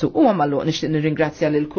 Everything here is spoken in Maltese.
Zu u għamallu nishtiq nirringrazzja l-kull